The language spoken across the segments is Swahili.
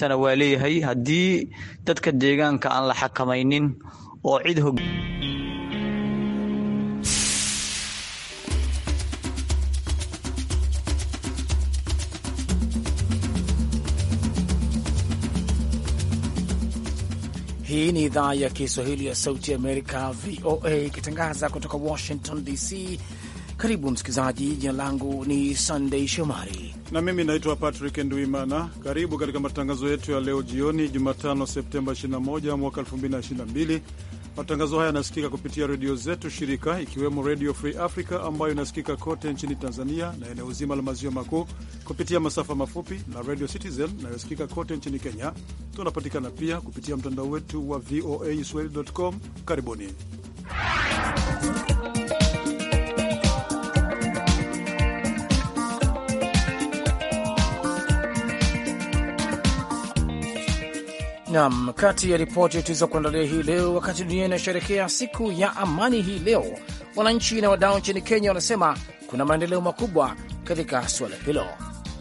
tana waa leeyahay haddii dadka deegaanka aan la xakamaynin oo cid hog Hii ni idhaa ya Kiswahili ya Sauti Amerika, VOA, ikitangaza kutoka Washington DC. Karibu msikilizaji, jina langu ni Sunday Shomari na mimi naitwa Patrick Nduimana. Karibu katika matangazo yetu ya leo jioni, Jumatano Septemba 21 mwaka 2022. Matangazo haya yanasikika kupitia redio zetu shirika, ikiwemo Redio Free Africa ambayo inasikika kote nchini Tanzania na eneo zima la maziwa makuu kupitia masafa mafupi na Redio Citizen inayosikika kote nchini Kenya. Tunapatikana pia kupitia mtandao wetu wa voa swahili.com. Karibuni. Nam, kati ya ripoti tulizokuandalia hii leo, wakati dunia inasherekea siku ya amani hii leo, wananchi na wadau nchini Kenya wanasema kuna maendeleo makubwa katika suala hilo.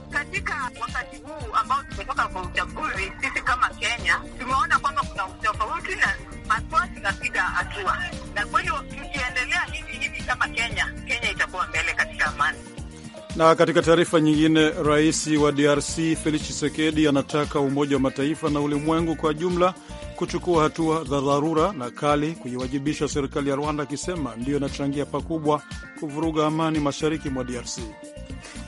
Katika wakati huu ambao tumetoka kwa uchaguzi, sisi kama Kenya tumeona kwamba kuna utofauti na hatua zinapiga hatua, na kwahiyo tukiendelea hivi hivi kama Kenya, Kenya itakuwa mbele katika amani. Na katika taarifa nyingine, rais wa DRC Felix Tshisekedi anataka Umoja wa Mataifa na ulimwengu kwa jumla kuchukua hatua za dharura na kali kuiwajibisha serikali ya Rwanda, akisema ndiyo inachangia pakubwa kuvuruga amani mashariki mwa DRC.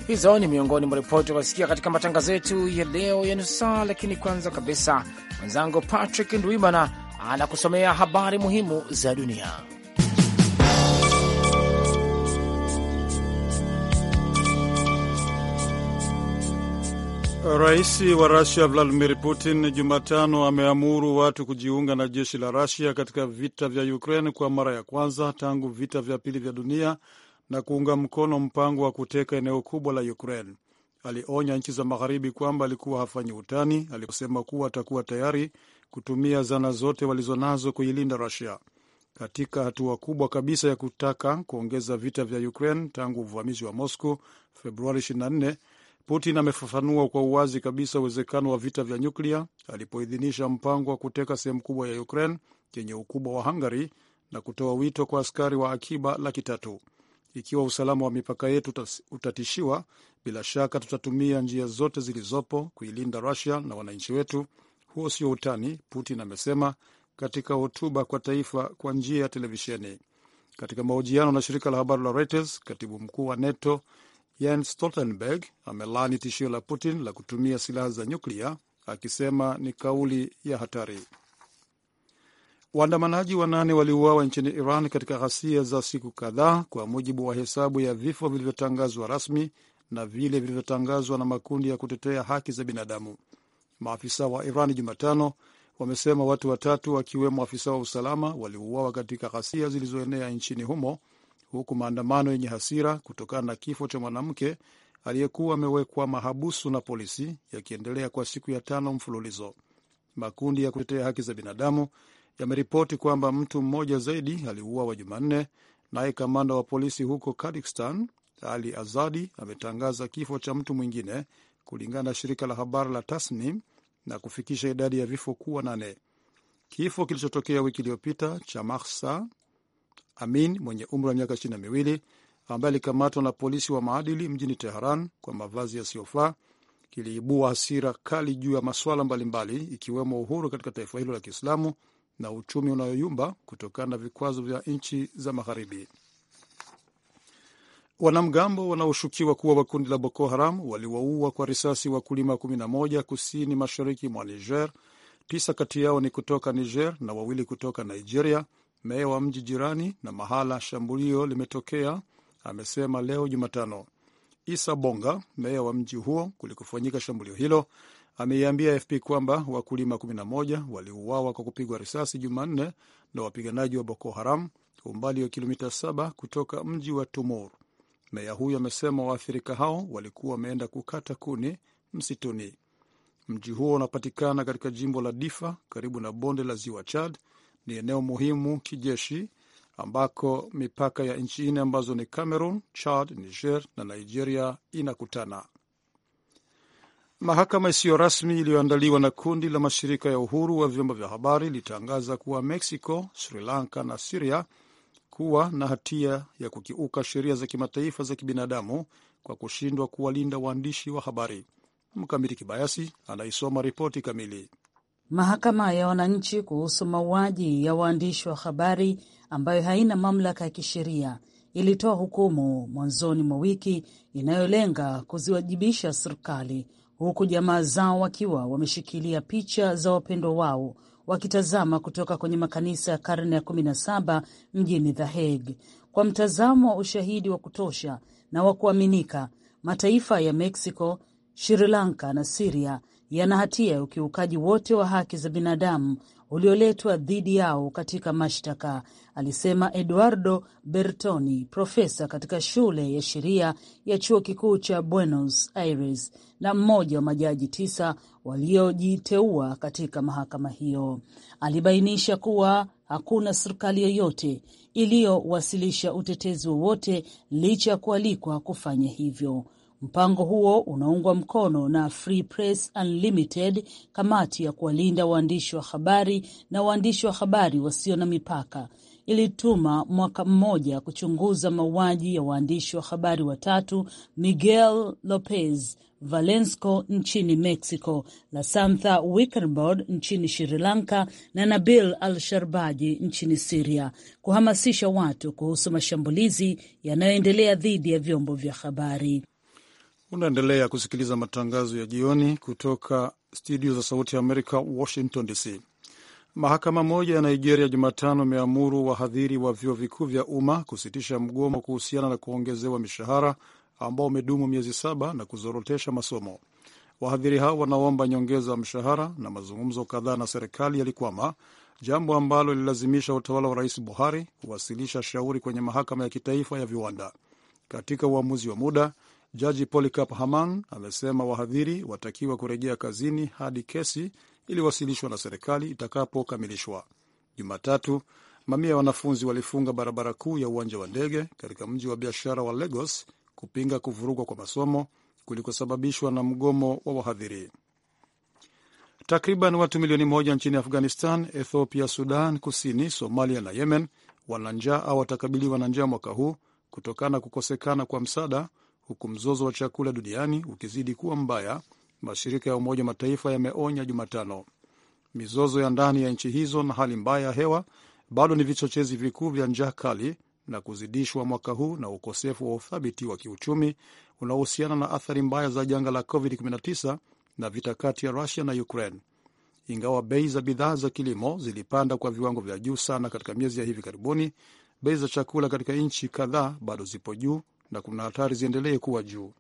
Hizo ni miongoni mwa ripoti wasikia katika matangazo yetu ya leo ya nusu saa, lakini kwanza kabisa mwenzangu Patrick Ndwimana anakusomea habari muhimu za dunia. Rais wa Rusia Vladimir Putin Jumatano ameamuru watu kujiunga na jeshi la Rusia katika vita vya Ukraine kwa mara ya kwanza tangu vita vya pili vya dunia na kuunga mkono mpango wa kuteka eneo kubwa la Ukraine. Alionya nchi za magharibi kwamba alikuwa hafanyi utani aliposema kuwa atakuwa tayari kutumia zana zote walizonazo kuilinda Rusia katika hatua kubwa kabisa ya kutaka kuongeza vita vya Ukraine tangu uvamizi wa Moscow Februari 24 Putin amefafanua kwa uwazi kabisa uwezekano wa vita vya nyuklia alipoidhinisha mpango wa kuteka sehemu kubwa ya Ukraine yenye ukubwa wa Hungary na kutoa wito kwa askari wa akiba laki tatu. Ikiwa usalama wa mipaka yetu utatishiwa, bila shaka tutatumia njia zote zilizopo kuilinda Rusia na wananchi wetu. Huo sio utani, Putin amesema katika hotuba kwa taifa kwa njia ya televisheni. Katika mahojiano na shirika la habari la Reuters, katibu mkuu wa NATO Jens Stoltenberg amelaani tishio la Putin la kutumia silaha za nyuklia akisema ni kauli ya hatari. Waandamanaji wanane waliuawa nchini Iran katika ghasia za siku kadhaa, kwa mujibu wa hesabu ya vifo vilivyotangazwa rasmi na vile vilivyotangazwa na makundi ya kutetea haki za binadamu. Maafisa wa Iran Jumatano wamesema watu watatu wakiwemo afisa wa usalama waliuawa katika ghasia zilizoenea nchini humo huku maandamano yenye hasira kutokana na kifo cha mwanamke aliyekuwa amewekwa mahabusu na polisi yakiendelea kwa siku ya tano mfululizo. Makundi ya kutetea haki za binadamu yameripoti kwamba mtu mmoja zaidi aliuawa Jumanne. Naye kamanda wa polisi huko Kurdistan Ali Azadi ametangaza kifo cha mtu mwingine kulingana na shirika la habari la Tasnim na kufikisha idadi ya vifo kuwa nane. Kifo kilichotokea wiki iliyopita cha Mahsa Amin mwenye umri wa miaka ishirini na miwili ambaye alikamatwa na polisi wa maadili mjini Teheran kwa mavazi yasiyofaa kiliibua hasira kali juu ya masuala mbalimbali ikiwemo uhuru katika taifa hilo la Kiislamu na uchumi unayoyumba kutokana na vikwazo vya nchi za Magharibi. Wanamgambo wanaoshukiwa kuwa wa kundi la Boko Haram waliwaua kwa risasi wakulima 11 kusini mashariki mwa Niger. Tisa kati yao ni kutoka Niger na wawili kutoka Nigeria, meya wa mji jirani na mahala shambulio limetokea amesema leo Jumatano. Isa Bonga, meya wa mji huo kulikofanyika shambulio hilo, ameiambia AFP kwamba wakulima 11 waliuawa kwa kupigwa risasi Jumanne na wapiganaji wa Boko Haram umbali wa kilomita 7 kutoka mji wa Tumur. Meya huyo amesema waathirika hao walikuwa wameenda kukata kuni msituni. Mji huo unapatikana katika jimbo la Difa karibu na bonde la ziwa Chad ni eneo muhimu kijeshi ambako mipaka ya nchi nne ambazo ni Cameroon, Chad, Niger na Nigeria inakutana. Mahakama isiyo rasmi iliyoandaliwa na kundi la mashirika ya uhuru wa vyombo vya habari ilitangaza kuwa Mexico, Sri Lanka na Siria kuwa na hatia ya kukiuka sheria za kimataifa za kibinadamu kwa kushindwa kuwalinda waandishi wa habari. Mkamiti Kibayasi anaisoma ripoti kamili mahakama ya wananchi kuhusu mauaji ya waandishi wa habari ambayo haina mamlaka ya kisheria ilitoa hukumu mwanzoni mwa wiki inayolenga kuziwajibisha serikali huku jamaa zao wakiwa wameshikilia picha za wapendwa wao wakitazama kutoka kwenye makanisa ya karne ya 17 mjini The Hague. Kwa mtazamo wa ushahidi wa kutosha na wa kuaminika, mataifa ya Mexico, Sri Lanka na Siria yana hatia ya ukiukaji wote wa haki za binadamu ulioletwa dhidi yao katika mashtaka, alisema Eduardo Bertoni, profesa katika shule ya sheria ya chuo kikuu cha Buenos Aires na mmoja wa majaji tisa waliojiteua katika mahakama hiyo. Alibainisha kuwa hakuna serikali yoyote iliyowasilisha utetezi wowote licha ya kualikwa kufanya hivyo. Mpango huo unaungwa mkono na Free Press Unlimited, kamati ya kuwalinda waandishi wa habari na waandishi wa habari wasio na mipaka ilituma mwaka mmoja kuchunguza mauaji ya waandishi wa habari watatu Miguel Lopez valensco nchini Mexico, Lasantha Wickenbord nchini Sri Lanka na Nabil al-Sharbaji nchini Siria, kuhamasisha watu kuhusu mashambulizi yanayoendelea dhidi ya vyombo vya habari. Unaendelea kusikiliza matangazo ya jioni kutoka studio za Sauti ya Amerika, Washington DC. Mahakama moja ya Nigeria Jumatano imeamuru wahadhiri wa vyuo vikuu vya umma kusitisha mgomo kuhusiana na kuongezewa mishahara ambao umedumu miezi saba na kuzorotesha masomo. Wahadhiri hao wanaomba nyongeza wa mshahara na mazungumzo kadhaa na serikali yalikwama, jambo ambalo lililazimisha utawala wa Rais Buhari kuwasilisha shauri kwenye mahakama ya kitaifa ya viwanda. Katika uamuzi wa muda, Jaji Polycarp Haman amesema wahadhiri watakiwa kurejea kazini hadi kesi iliyowasilishwa na serikali itakapokamilishwa. Jumatatu, mamia ya wanafunzi walifunga barabara kuu ya uwanja wa ndege katika mji wa biashara wa Lagos kupinga kuvurugwa kwa masomo kulikosababishwa na mgomo wa wahadhiri. Takriban watu milioni moja nchini Afghanistan, Ethiopia, Sudan Kusini, Somalia na Yemen wana njaa au watakabiliwa na njaa mwaka huu kutokana na kukosekana kwa msaada huku mzozo wa chakula duniani ukizidi kuwa mbaya, mashirika ya Umoja Mataifa yameonya Jumatano. Mizozo ya ndani ya nchi hizo na hali mbaya ya hewa bado ni vichochezi vikuu vya njaa kali na kuzidishwa mwaka huu na ukosefu wa uthabiti wa kiuchumi unaohusiana na athari mbaya za janga la COVID-19 na vita kati ya Rusia na Ukraine. Ingawa bei za bidhaa za kilimo zilipanda kwa viwango vya juu sana katika miezi ya hivi karibuni, bei za chakula katika nchi kadhaa bado zipo juu na kuna hatari ziendelee kuwa juu.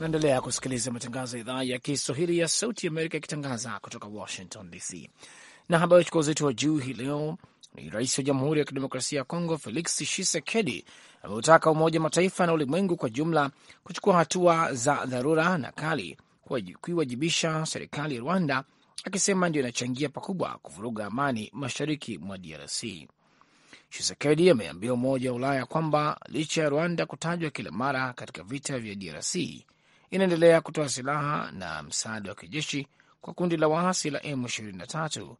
Naendelea kusikiliza matangazo ya idhaa ya Kiswahili ya Sauti ya Amerika ikitangaza kutoka Washington DC, na habari chukua uzito wa juu hii leo ni rais wa Jamhuri ya Kidemokrasia ya Kongo Felix Tshisekedi ameutaka Umoja Mataifa na ulimwengu kwa jumla kuchukua hatua za dharura na kali kuiwajibisha serikali ya Rwanda, akisema ndio inachangia pakubwa kuvuruga amani mashariki mwa DRC. Tshisekedi ameambia Umoja wa Ulaya kwamba licha ya Rwanda kutajwa kila mara katika vita vya DRC, inaendelea kutoa silaha na msaada wa kijeshi kwa kundi la waasi la M23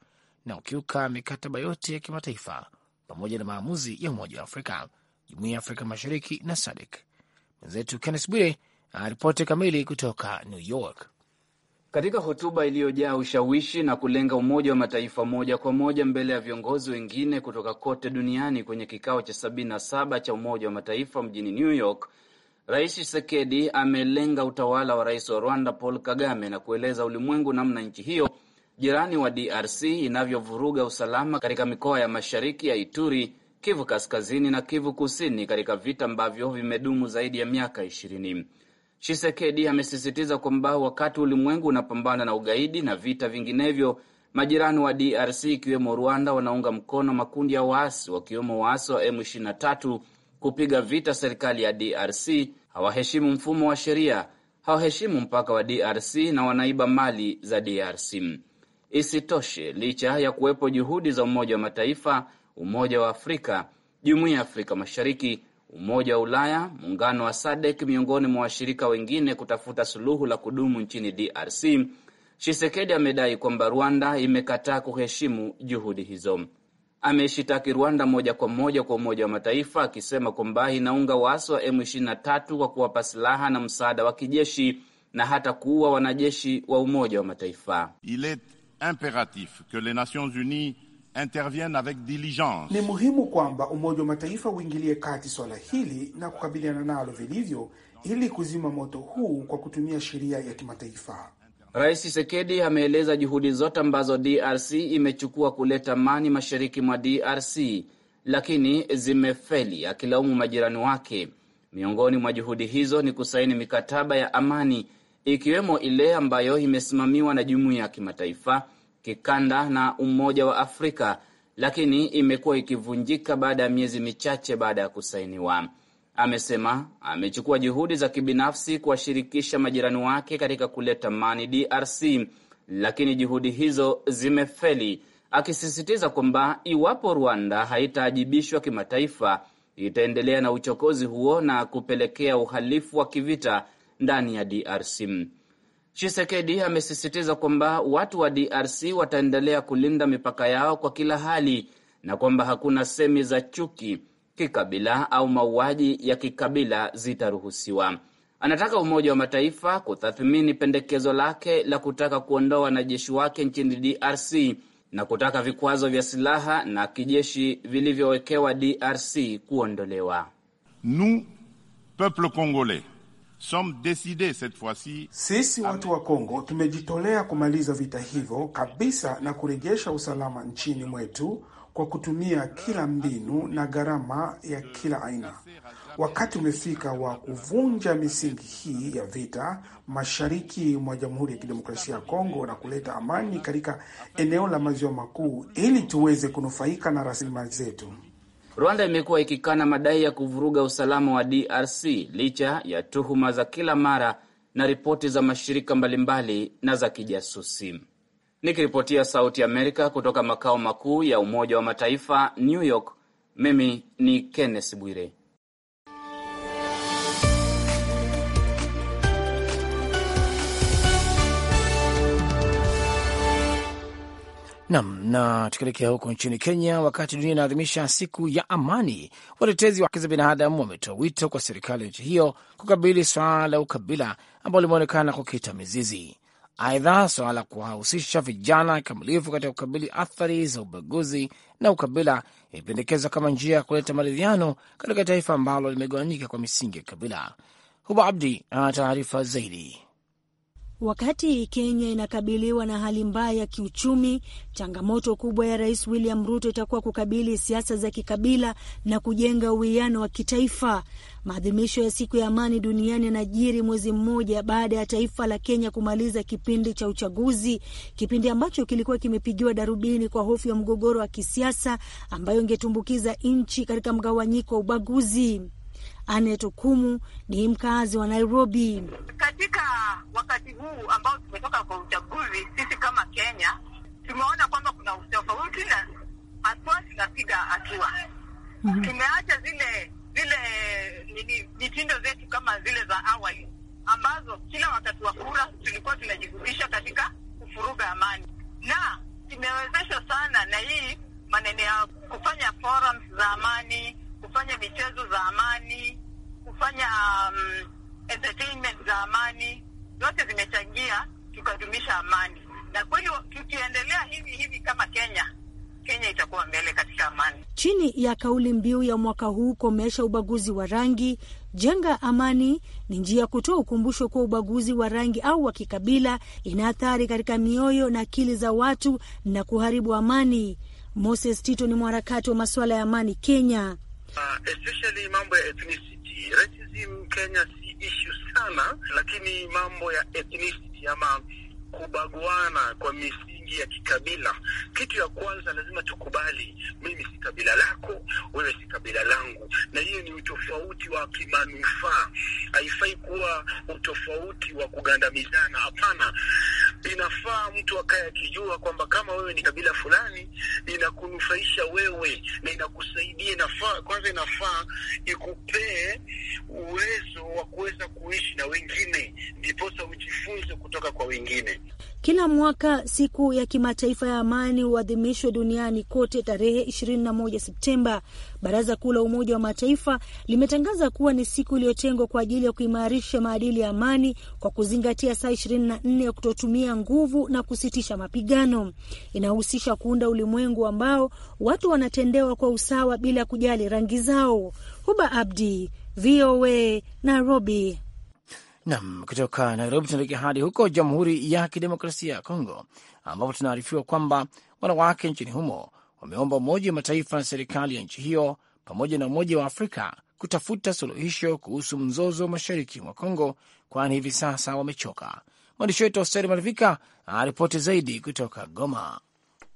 na kukiuka mikataba yote ya kimataifa pamoja na maamuzi ya Umoja wa Afrika, jumuia ya Afrika Mashariki na SADC. Mwenzetu Kennes Bwire aripoti kamili kutoka New York. Katika hotuba iliyojaa ushawishi na kulenga Umoja wa Mataifa moja kwa moja mbele ya viongozi wengine kutoka kote duniani kwenye kikao cha 77 cha Umoja wa Mataifa mjini New York, Rais Tshisekedi amelenga utawala wa rais wa Rwanda Paul Kagame na kueleza ulimwengu namna nchi hiyo jirani wa DRC inavyovuruga usalama katika mikoa ya mashariki ya Ituri, Kivu Kaskazini na Kivu Kusini katika vita ambavyo vimedumu zaidi ya miaka ishirini. chisekedi amesisitiza kwamba wakati ulimwengu unapambana na ugaidi na vita vinginevyo, majirani wa DRC ikiwemo Rwanda wanaunga mkono makundi ya waasi wakiwemo waasi wa M23 kupiga vita serikali ya DRC. Hawaheshimu mfumo wa sheria, hawaheshimu mpaka wa DRC na wanaiba mali za DRC. Isitoshe, licha ya kuwepo juhudi za Umoja wa Mataifa, Umoja wa Afrika, Jumuiya ya Afrika Mashariki, Umoja wa Ulaya, Muungano wa SADEK miongoni mwa washirika wengine kutafuta suluhu la kudumu nchini DRC, Shisekedi amedai kwamba Rwanda imekataa kuheshimu juhudi hizo. Ameshitaki Rwanda moja kwa moja kwa Umoja wa Mataifa akisema kwamba inaunga waasi wa M23 kwa kuwapa silaha na msaada wa kijeshi na hata kuua wanajeshi wa Umoja wa Mataifa impératif que les Nations Unies interviennent avec diligence. Ni muhimu kwamba Umoja wa Mataifa uingilie kati swala hili na kukabiliana nalo vilivyo ili kuzima moto huu kwa kutumia sheria ya kimataifa. Rais Tshisekedi ameeleza juhudi zote ambazo DRC imechukua kuleta amani mashariki mwa DRC, lakini zimefeli, akilaumu majirani wake. Miongoni mwa juhudi hizo ni kusaini mikataba ya amani ikiwemo ile ambayo imesimamiwa na jumuiya ya kimataifa, kikanda na Umoja wa Afrika, lakini imekuwa ikivunjika baada ya miezi michache baada ya kusainiwa. Amesema amechukua juhudi za kibinafsi kuwashirikisha majirani wake katika kuleta amani DRC, lakini juhudi hizo zimefeli, akisisitiza kwamba iwapo Rwanda haitaajibishwa kimataifa itaendelea na uchokozi huo na kupelekea uhalifu wa kivita ndani ya DRC. Chisekedi amesisitiza kwamba watu wa DRC wataendelea kulinda mipaka yao kwa kila hali na kwamba hakuna semi za chuki kikabila au mauaji ya kikabila zitaruhusiwa. Anataka Umoja wa Mataifa kutathmini pendekezo lake la kutaka kuondoa wanajeshi wake nchini DRC na kutaka vikwazo vya silaha na kijeshi vilivyowekewa DRC kuondolewa. Nous, peuple congolais sisi watu wa Kongo tumejitolea kumaliza vita hivyo kabisa na kurejesha usalama nchini mwetu kwa kutumia kila mbinu na gharama ya kila aina. Wakati umefika wa kuvunja misingi hii ya vita mashariki mwa Jamhuri ya Kidemokrasia ya Kongo na kuleta amani katika eneo la Maziwa Makuu ili tuweze kunufaika na rasilimali zetu. Rwanda imekuwa ikikana madai ya kuvuruga usalama wa DRC licha ya tuhuma za kila mara na ripoti za mashirika mbalimbali na za kijasusi. Nikiripotia Sauti Amerika kutoka makao makuu ya Umoja wa Mataifa New York, mimi ni Kenneth Bwire. Nam na, na tukielekea huko nchini Kenya, wakati dunia inaadhimisha siku ya amani, watetezi wa haki za binadamu wametoa wito kwa serikali ya nchi hiyo kukabili swala la ukabila ambalo limeonekana kukita mizizi. Aidha, swala la kuwahusisha vijana kikamilifu katika kukabili athari za ubaguzi na ukabila imependekezwa kama njia ya kuleta maridhiano katika taifa ambalo limegawanyika kwa misingi ya kabila Huba Abdi ana taarifa zaidi. Wakati Kenya inakabiliwa na hali mbaya ya kiuchumi, changamoto kubwa ya Rais William Ruto itakuwa kukabili siasa za kikabila na kujenga uwiano wa kitaifa. Maadhimisho ya siku ya amani duniani yanajiri mwezi mmoja baada ya taifa la Kenya kumaliza kipindi cha uchaguzi, kipindi ambacho kilikuwa kimepigiwa darubini kwa hofu ya mgogoro wa kisiasa ambayo ingetumbukiza nchi katika mgawanyiko wa ubaguzi. Anet Okumu ni mkazi wa Nairobi. Katika wakati huu ambao tumetoka kwa uchaguzi, sisi kama Kenya tumeona kwamba kuna utofauti na hatua zinapiga hatua. mm -hmm. Tumeacha zile zile mitindo zetu kama zile za awali ambazo kila wakati wa kura tulikuwa tunajihusisha katika kufuruga amani na kudumisha amani, na kweli tukiendelea hivi hivi kama Kenya, Kenya itakuwa mbele katika amani. Chini ya kauli mbiu ya mwaka huu, komesha ubaguzi wa rangi, jenga amani, ni njia ya kutoa ukumbusho kuwa ubaguzi wa rangi au wa kikabila ina athari katika mioyo na akili za watu na kuharibu amani. Moses Tito ni mharakati wa masuala ya amani Kenya. Uh, especially mambo ya ethnicity racism Kenya si issue sana, lakini mambo ya ethnicity ama kubaguana kwa misingi ya kikabila. Kitu ya kwanza lazima tukubali, mimi si kabila lako, wewe si kabila langu, na hiyo ni utofauti wa kimanufaa. Haifai kuwa utofauti wa kugandamizana, hapana. Inafaa mtu akaye akijua kwamba kama wewe ni kabila fulani, inakunufaisha wewe na inakusaidia. Inafaa kwanza, inafaa ikupee uwezo wa kuweza kuishi na wengine, ndiposa mafunzo kutoka kwa wengine. Kila mwaka siku ya kimataifa ya amani huadhimishwa duniani kote tarehe 21 Septemba. Baraza Kuu la Umoja wa Mataifa limetangaza kuwa ni siku iliyotengwa kwa ajili ya kuimarisha maadili ya amani kwa kuzingatia saa 24 ya kutotumia nguvu na kusitisha mapigano. Inahusisha kuunda ulimwengu ambao watu wanatendewa kwa usawa bila kujali rangi zao. Huba Abdi, VOA, Nairobi. Nam, kutoka Nairobi tunaelekea hadi huko Jamhuri ya Kidemokrasia ya Kongo, ambapo tunaarifiwa kwamba wanawake nchini humo wameomba Umoja wa Mataifa na serikali ya nchi hiyo pamoja na Umoja wa Afrika kutafuta suluhisho kuhusu mzozo wa mashariki mwa Kongo, kwani hivi sasa wamechoka. Mwandishi wetu Hosteri Malivika aripoti zaidi kutoka Goma.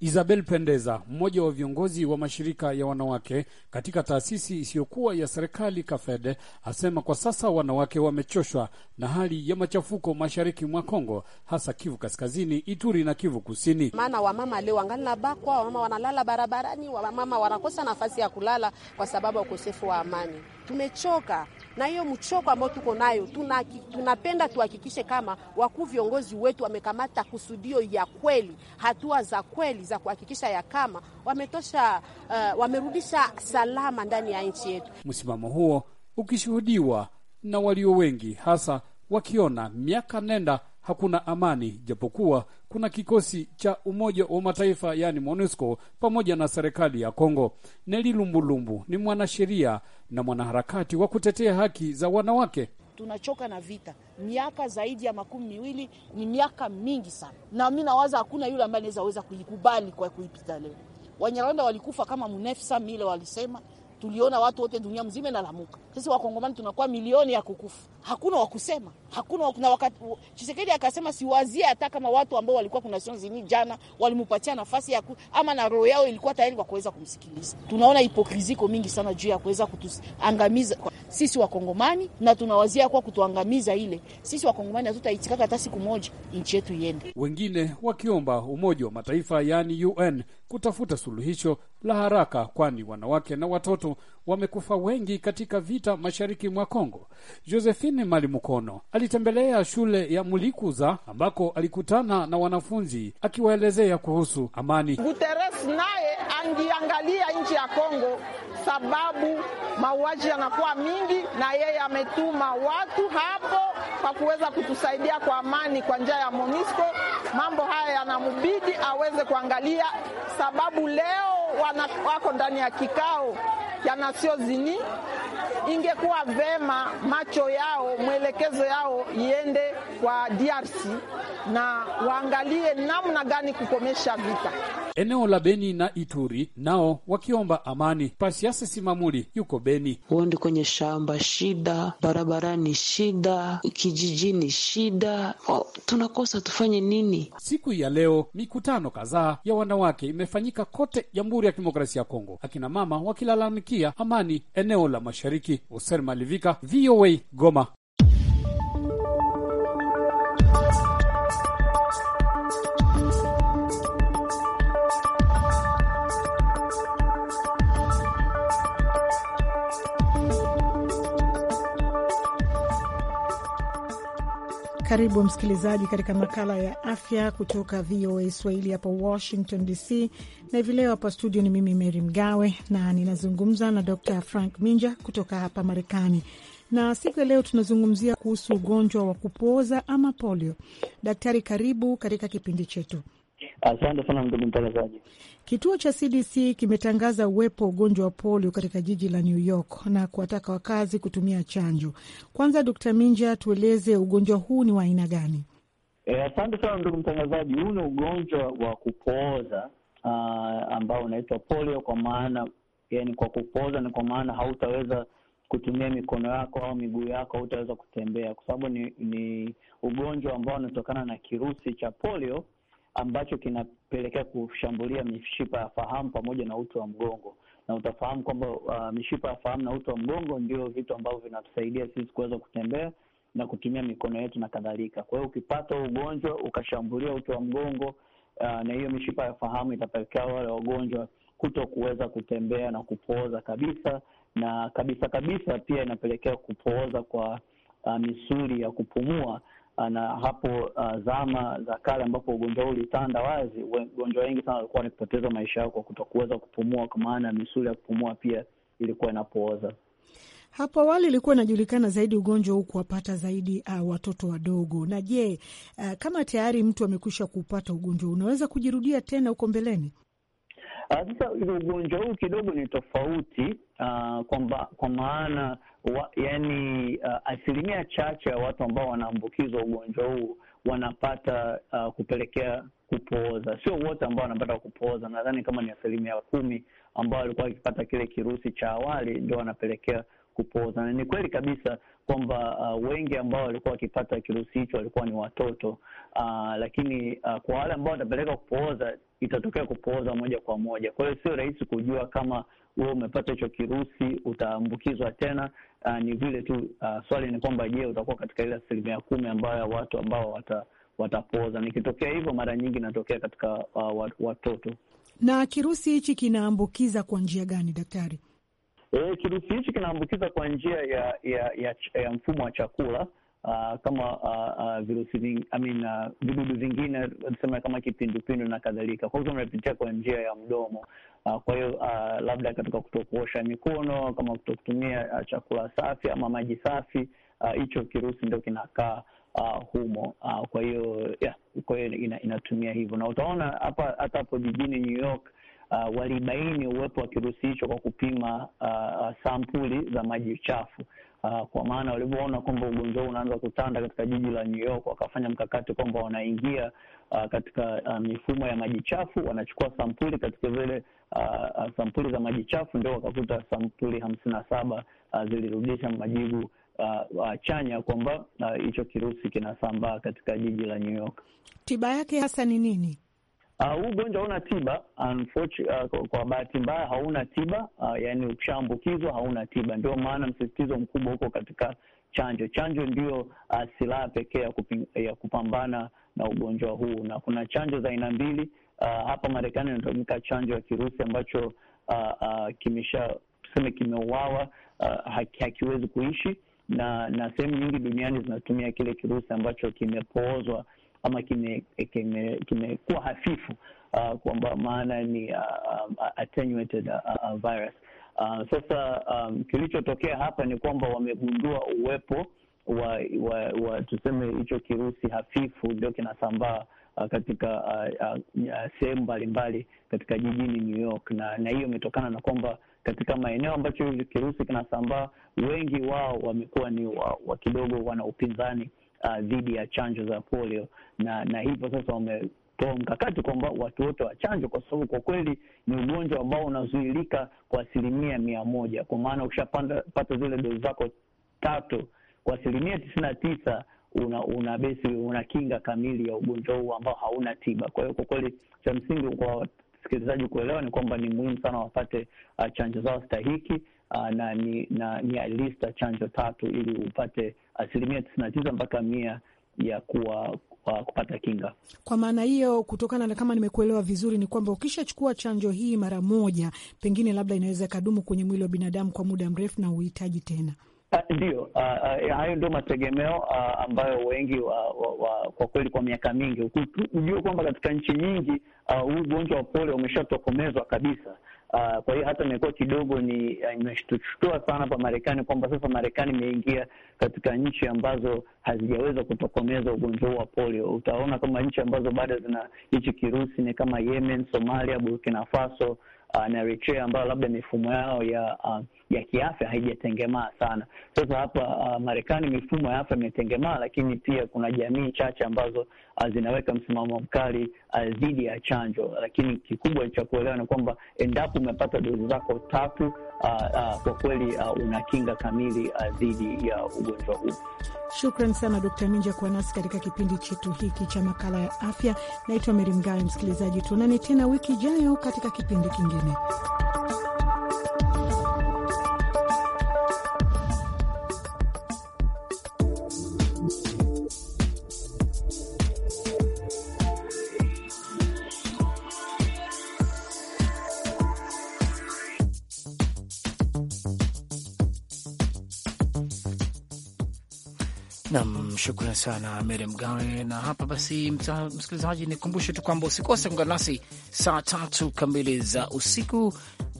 Isabel Pendeza, mmoja wa viongozi wa mashirika ya wanawake katika taasisi isiyokuwa ya serikali Kafede, asema kwa sasa wanawake wamechoshwa na hali ya machafuko mashariki mwa Kongo, hasa Kivu Kaskazini, Ituri na Kivu Kusini. Maana wamama leo wangali na bakwa, wamama wanalala barabarani, wamama wanakosa nafasi ya kulala kwa sababu ya ukosefu wa amani tumechoka na hiyo mchoko ambao tuko nayo. Tuna, tunapenda tuhakikishe kama wakuu viongozi wetu wamekamata kusudio ya kweli, hatua za kweli za kuhakikisha ya kama wametosha, uh, wamerudisha salama ndani ya nchi yetu. Msimamo huo ukishuhudiwa na walio wengi, hasa wakiona miaka nenda hakuna amani, japokuwa kuna kikosi cha Umoja wa Mataifa yaani MONUSCO pamoja na serikali ya Kongo. Neli Lumbulumbu ni mwanasheria na mwanaharakati wa kutetea haki za wanawake. Tunachoka na vita, miaka zaidi ya makumi miwili ni miaka mingi sana, na mi nawaza hakuna yule ambaye anaweza weza kuikubali kwa kuipita leo. Wanyarwanda walikufa kama mnefsa mile walisema tuliona watu wote dunia mzima inalamuka. Sisi wakongomani tunakuwa milioni ya kukufa, hakuna wakusema, hakuna na wakati. Chisekedi akasema siwazie hata kama watu ambao walikuwa kuna sonzini jana walimupatia nafasi ya ku, ama na roho yao ilikuwa tayari kwa kuweza kumsikiliza. Tunaona hipokriziko mingi sana juu ya kuweza kutuangamiza sisi wakongomani, na tunawazia kwa kutuangamiza ile. Sisi wakongomani hatutaitikaka hata siku moja nchi yetu iende, wengine wakiomba Umoja wa Mataifa yani UN kutafuta suluhisho la haraka, kwani wanawake na watoto wamekufa wengi katika vita mashariki mwa Kongo. Josephine Malimukono alitembelea shule ya Mulikuza ambako alikutana na wanafunzi akiwaelezea kuhusu amani. Guterres naye angiangalia nchi ya Kongo sababu mauaji yanakuwa mingi, na yeye ametuma watu hapo kwa kuweza kutusaidia kwa amani kwa njia ya MONUSCO. Mambo haya yanamubidi aweze kuangalia, sababu leo wana, wako ndani ya kikao ya nasio zini. Ingekuwa vema macho yao mwelekezo yao iende kwa DRC na waangalie namna gani kukomesha vita eneo la Beni na Ituri, nao wakiomba amani. pasiase Simamuli yuko Beni. Huendi kwenye shamba, shida barabarani, shida kijijini, shida oh, tunakosa tufanye nini? Siku ya leo mikutano kadhaa ya wanawake imefanyika kote Jamhuri ya Kidemokrasia ya Kongo, akina mama wakilalamikia amani eneo la mashariki. Oser Malivika, VOA Goma. Karibu msikilizaji katika makala ya afya kutoka VOA Swahili hapa Washington DC, na hivi leo hapa studio ni mimi Mary Mgawe na ninazungumza na Dr Frank Minja kutoka hapa Marekani. Na siku ya leo tunazungumzia kuhusu ugonjwa wa kupooza ama polio. Daktari, karibu katika kipindi chetu. Asante sana ndugu mtangazaji. Kituo cha CDC kimetangaza uwepo wa ugonjwa wa polio katika jiji la New York na kuwataka wakazi kutumia chanjo. Kwanza, Dkt. Minja, tueleze ugonjwa huu ni wa aina gani? E, asante sana ndugu mtangazaji. Huu ni ugonjwa wa kupooza uh, ambao unaitwa polio kwa maana yani, kwa kupooza ni kwa maana hautaweza kutumia mikono yako au miguu yako, hautaweza kutembea kwa sababu ni, ni ugonjwa ambao unatokana na kirusi cha polio ambacho kinapelekea kushambulia mishipa ya fahamu pamoja na uti wa mgongo, na utafahamu kwamba uh, mishipa ya fahamu na uti wa mgongo ndio vitu ambavyo vinatusaidia sisi kuweza kutembea na kutumia mikono yetu na kadhalika. Kwa hiyo ukipata ugonjwa ukashambulia uti wa mgongo uh, na hiyo mishipa ya fahamu itapelekea wale wagonjwa kuto kuweza kutembea na kupooza kabisa, na kabisa kabisa pia inapelekea kupooza kwa uh, misuli ya kupumua Ah, na hapo uh, zama za kale ambapo ugonjwa huu ulitanda wazi, ugonjwa wengi sana walikuwa wanapoteza maisha yao kwa kutokuweza kupumua, kwa maana misuli ya kupumua pia ilikuwa inapooza. Hapo awali ilikuwa inajulikana zaidi ugonjwa huu kuwapata zaidi uh, watoto wadogo. Na je, uh, kama tayari mtu amekwisha kuupata ugonjwa, unaweza kujirudia tena huko mbeleni? Sasa ugonjwa huu kidogo ni tofauti uh, kwamba kwa maana wa, yani uh, asilimia chache ya watu ambao wanaambukizwa ugonjwa huu wanapata uh, kupelekea kupooza. Sio wote ambao wanapata kupooza, nadhani kama ni asilimia kumi ambao walikuwa wakipata kile kirusi cha awali ndio wanapelekea kupooza. Na ni kweli kabisa kwamba uh, wengi ambao walikuwa wakipata kirusi hicho walikuwa ni watoto uh, lakini uh, kwa wale ambao watapeleka kupooza itatokea kupooza moja kwa moja. Kwa hiyo sio rahisi kujua kama wewe umepata hicho kirusi utaambukizwa tena. Uh, ni vile tu uh, swali ni kwamba je, utakuwa katika ile asilimia kumi ambayo ya watu ambao wata watapooza. Nikitokea hivyo, mara nyingi inatokea katika uh, watoto. Na kirusi hichi kinaambukiza kwa njia gani, daktari? E, kirusi hichi kinaambukiza kwa njia ya ya, ya ya mfumo wa chakula uh, kama uh, uh, virusi vingi, I mean, uh, vidudu vingine tuseme kama kipindupindu na kadhalika. Kwa hivyo mnapitia kwa njia ya mdomo uh, kwa hiyo uh, labda katika kutokuosha mikono, kama kutokutumia uh, chakula safi ama maji safi, hicho uh, kirusi ndio kinakaa uh, humo uh, kwa hiyo yeah, kwa hiyo ina, inatumia hivyo, na utaona hapa hata hapo jijini New York uh, walibaini uwepo wa kirusi hicho kwa kupima uh, sampuli za maji chafu uh, kwa maana walivyoona kwamba ugonjwa huu unaanza kutanda katika jiji la New York, wakafanya mkakati kwamba wanaingia uh, katika uh, mifumo ya maji chafu, wanachukua sampuli katika zile uh, sampuli za maji chafu, ndio wakakuta sampuli hamsini na saba uh, zilirudisha majibu Uh, uh, chanya kwamba hicho uh, kirusi kinasambaa katika jiji la New York. Tiba yake hasa ni nini? Ah, huu uh, ugonjwa hauna tiba uh, kwa bahati mbaya hauna tiba uh, yani ukishaambukizwa hauna tiba. Ndio maana msisitizo mkubwa huko katika chanjo. Chanjo ndiyo uh, silaha pekee ya, ya kupambana na ugonjwa huu, na kuna chanjo za aina mbili uh, hapa Marekani inatumika chanjo ya kirusi ambacho uh, uh, kimesha tuseme kimeuawa, uh, hakiwezi kuishi na na sehemu nyingi duniani zinatumia kile kirusi ambacho kimepoozwa ama kimekuwa kime, kime hafifu uh, kwamba maana ni uh, um, attenuated uh, uh, virus uh, sasa um, kilichotokea hapa ni kwamba wamegundua uwepo wa, wa, wa tuseme hicho kirusi hafifu ndio kinasambaa uh, katika uh, uh, sehemu mbalimbali katika jijini New York, na na hiyo imetokana na kwamba katika maeneo ambacho hicho kirusi kinasambaa, wengi wao wamekuwa ni wa, wa kidogo wana upinzani Uh, dhidi uh, ya chanjo za polio, na na hivyo sasa wametoa mkakati kwamba watu wote wachanjwe, kwa sababu kwa kweli ni ugonjwa ambao unazuilika kwa asilimia mia moja, kwa maana ukishapata zile dozi zako tatu kwa asilimia tisini na tisa una una besi una kinga kamili ya ugonjwa huu ambao hauna tiba. Kwa hiyo kwa kweli, cha msingi kwa wasikilizaji kuelewa ni kwamba ni muhimu sana wapate uh, chanjo zao stahiki Ah, na ni na ni alista chanjo tatu ili upate asilimia tisini na tisa mpaka mia ya kuwa kwa kupata kinga. Kwa maana hiyo, kutokana na kama nimekuelewa vizuri, ni kwamba ukishachukua chanjo hii mara moja, pengine labda inaweza ikadumu kwenye mwili wa binadamu kwa muda mrefu na uhitaji tena. Ah, Ndiyo, ah, hayo ndio mategemeo ambayo wengi wa, wa, wa, kwa kweli kwa miaka mingi hujue kwamba katika nchi nyingi huu uh, ugonjwa wa polio umeshatokomezwa kabisa, Uh, kwa hiyo hata imekuwa kidogo ni ah, imeshtushtua sana kwa Marekani kwamba sasa Marekani imeingia katika nchi ambazo hazijaweza kutokomeza ugonjwa huu wa polio. Utaona kama nchi ambazo bado zina hichi kirusi ni kama Yemen, Somalia, Burkina Faso uh, na Eritrea ambayo labda mifumo yao ya uh, ya kiafya haijatengemaa sana. Sasa hapa uh, Marekani mifumo ya afya imetengemaa, lakini pia kuna jamii chache ambazo uh, zinaweka msimamo mkali uh, dhidi uh, ya chanjo, lakini kikubwa cha kuelewa ni kwamba endapo umepata dozi zako tatu Uh, uh, kwa kweli uh, una kinga kamili uh, dhidi uh, ya ugonjwa huu. Shukran sana Dkt. Minja kuwa nasi katika kipindi chetu hiki cha makala ya afya. Naitwa Meri Mgawe. Msikilizaji, tuonane tena wiki ijayo katika kipindi kingine. Nam, shukran sana Mary Mgawe. Na hapa basi, msikilizaji, nikumbushe tu kwamba usikose kuungana nasi saa tatu kamili za usiku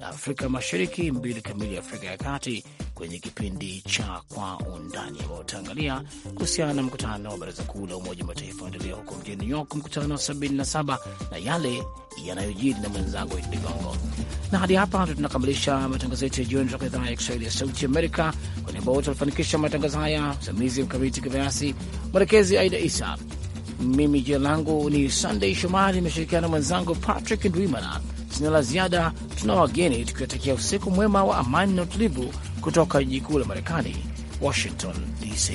Afrika Mashariki, mbili kamili Afrika ya Kati, kwenye kipindi cha Kwa Undani ambao utaangalia kuhusiana na mkutano wa Baraza Kuu la Umoja wa Mataifa endelea huko mjini New York, mkutano wa 77 na yale yanayojiri, na mwenzangu Ligongo na hadi hapa tunakamilisha matangazo yetu ya jioni kutoka idhaa ya Kiswahili ya Sauti Amerika. Kwa niaba wote walifanikisha matangazo haya, msimamizi Mkamiti Kibayasi, mwelekezi Aida Isa, mimi jina langu ni sandey Shomari, imeshirikiana mwenzangu Patrick Ndwimana. Sina la ziada, tuna wageni tukiwatakia usiku mwema wa amani na utulivu kutoka jiji kuu la Marekani, Washington DC.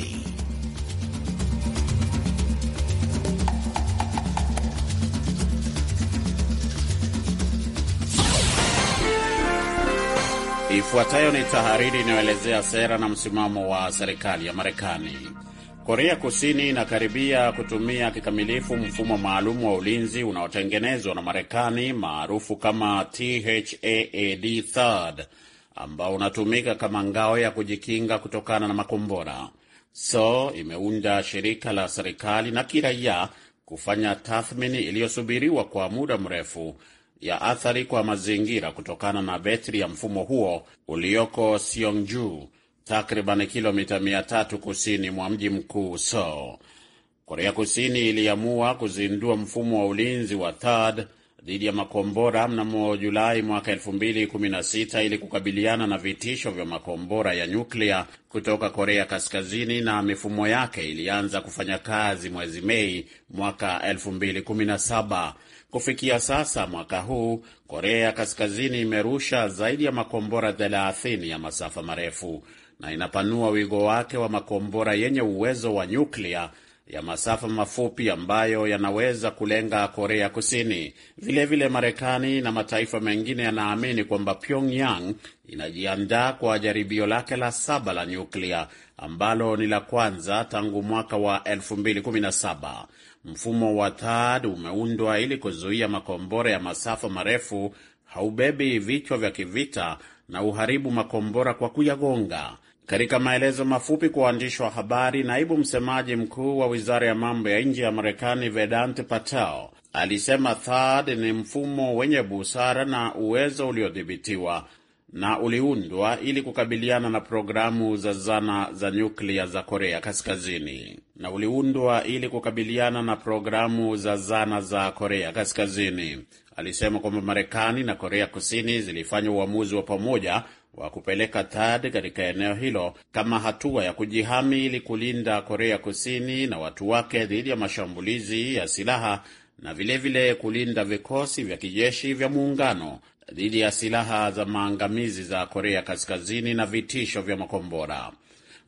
Ifuatayo ni tahariri inayoelezea sera na msimamo wa serikali ya Marekani. Korea Kusini inakaribia kutumia kikamilifu mfumo maalum wa ulinzi unaotengenezwa na Marekani maarufu kama THAAD THAAD ambao unatumika kama ngao ya kujikinga kutokana na makombora. So imeunda shirika la serikali na kiraia kufanya tathmini iliyosubiriwa kwa muda mrefu ya athari kwa mazingira kutokana na betri ya mfumo huo ulioko siongju takriban kilomita 300 kusini mwa mji mkuu Seoul. Korea Kusini iliamua kuzindua mfumo wa ulinzi wa THAAD dhidi ya makombora mnamo Julai mwaka 2016 ili kukabiliana na vitisho vya makombora ya nyuklia kutoka Korea Kaskazini, na mifumo yake ilianza kufanya kazi mwezi Mei mwaka 217 Kufikia sasa mwaka huu, Korea ya Kaskazini imerusha zaidi ya makombora 30 ya masafa marefu na inapanua wigo wake wa makombora yenye uwezo wa nyuklia ya masafa mafupi ambayo yanaweza kulenga Korea Kusini. Vilevile vile Marekani na mataifa mengine yanaamini kwamba Pyongyang inajiandaa kwa jaribio lake la saba la nyuklia ambalo ni la kwanza tangu mwaka wa 2017. Mfumo wa THAAD umeundwa ili kuzuia makombora ya masafa marefu, haubebi vichwa vya kivita na uharibu makombora kwa kuyagonga. Katika maelezo mafupi kwa waandishi wa habari, naibu msemaji mkuu wa wizara ya mambo ya nje ya Marekani Vedant Patel alisema THAAD ni mfumo wenye busara na uwezo uliodhibitiwa na uliundwa ili kukabiliana na programu za zana za nyuklia za Korea Kaskazini na uliundwa ili kukabiliana na programu za zana za Korea Kaskazini. Alisema kwamba Marekani na Korea Kusini zilifanya uamuzi wa pamoja wa kupeleka THAD katika eneo hilo kama hatua ya kujihami ili kulinda Korea Kusini na watu wake dhidi ya mashambulizi ya silaha na vilevile vile kulinda vikosi vya kijeshi vya muungano dhidi ya silaha za maangamizi za Korea Kaskazini na vitisho vya makombora.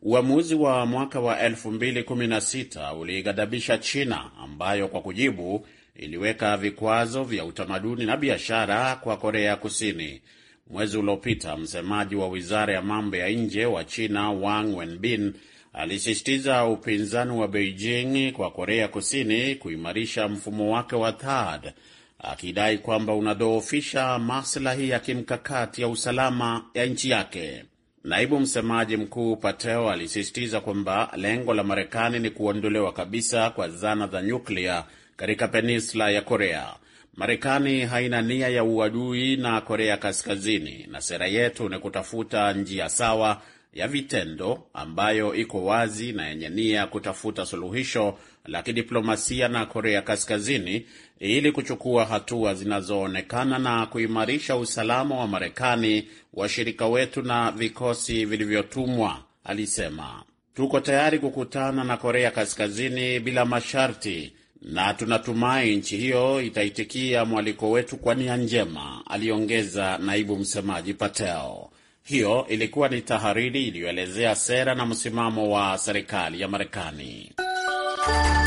Uamuzi wa mwaka wa 2016 uliigadhabisha China ambayo kwa kujibu iliweka vikwazo vya utamaduni na biashara kwa Korea Kusini. Mwezi uliopita, msemaji wa wizara ya mambo ya nje wa China Wang Wenbin alisisitiza upinzani wa Beijing kwa Korea Kusini kuimarisha mfumo wake wa THAAD akidai kwamba unadhoofisha maslahi ya kimkakati ya usalama ya nchi yake. Naibu msemaji mkuu Pateo alisisitiza kwamba lengo la Marekani ni kuondolewa kabisa kwa zana za nyuklia katika peninsula ya Korea. Marekani haina nia ya uadui na Korea Kaskazini, na sera yetu ni kutafuta njia sawa ya vitendo ambayo iko wazi na yenye nia kutafuta suluhisho la kidiplomasia na Korea Kaskazini ili kuchukua hatua zinazoonekana na kuimarisha usalama wa Marekani, washirika wetu na vikosi vilivyotumwa, alisema. Tuko tayari kukutana na Korea Kaskazini bila masharti na tunatumai nchi hiyo itaitikia mwaliko wetu kwa nia njema, aliongeza naibu msemaji Patel. Hiyo ilikuwa ni tahariri iliyoelezea sera na msimamo wa serikali ya Marekani. Thank you.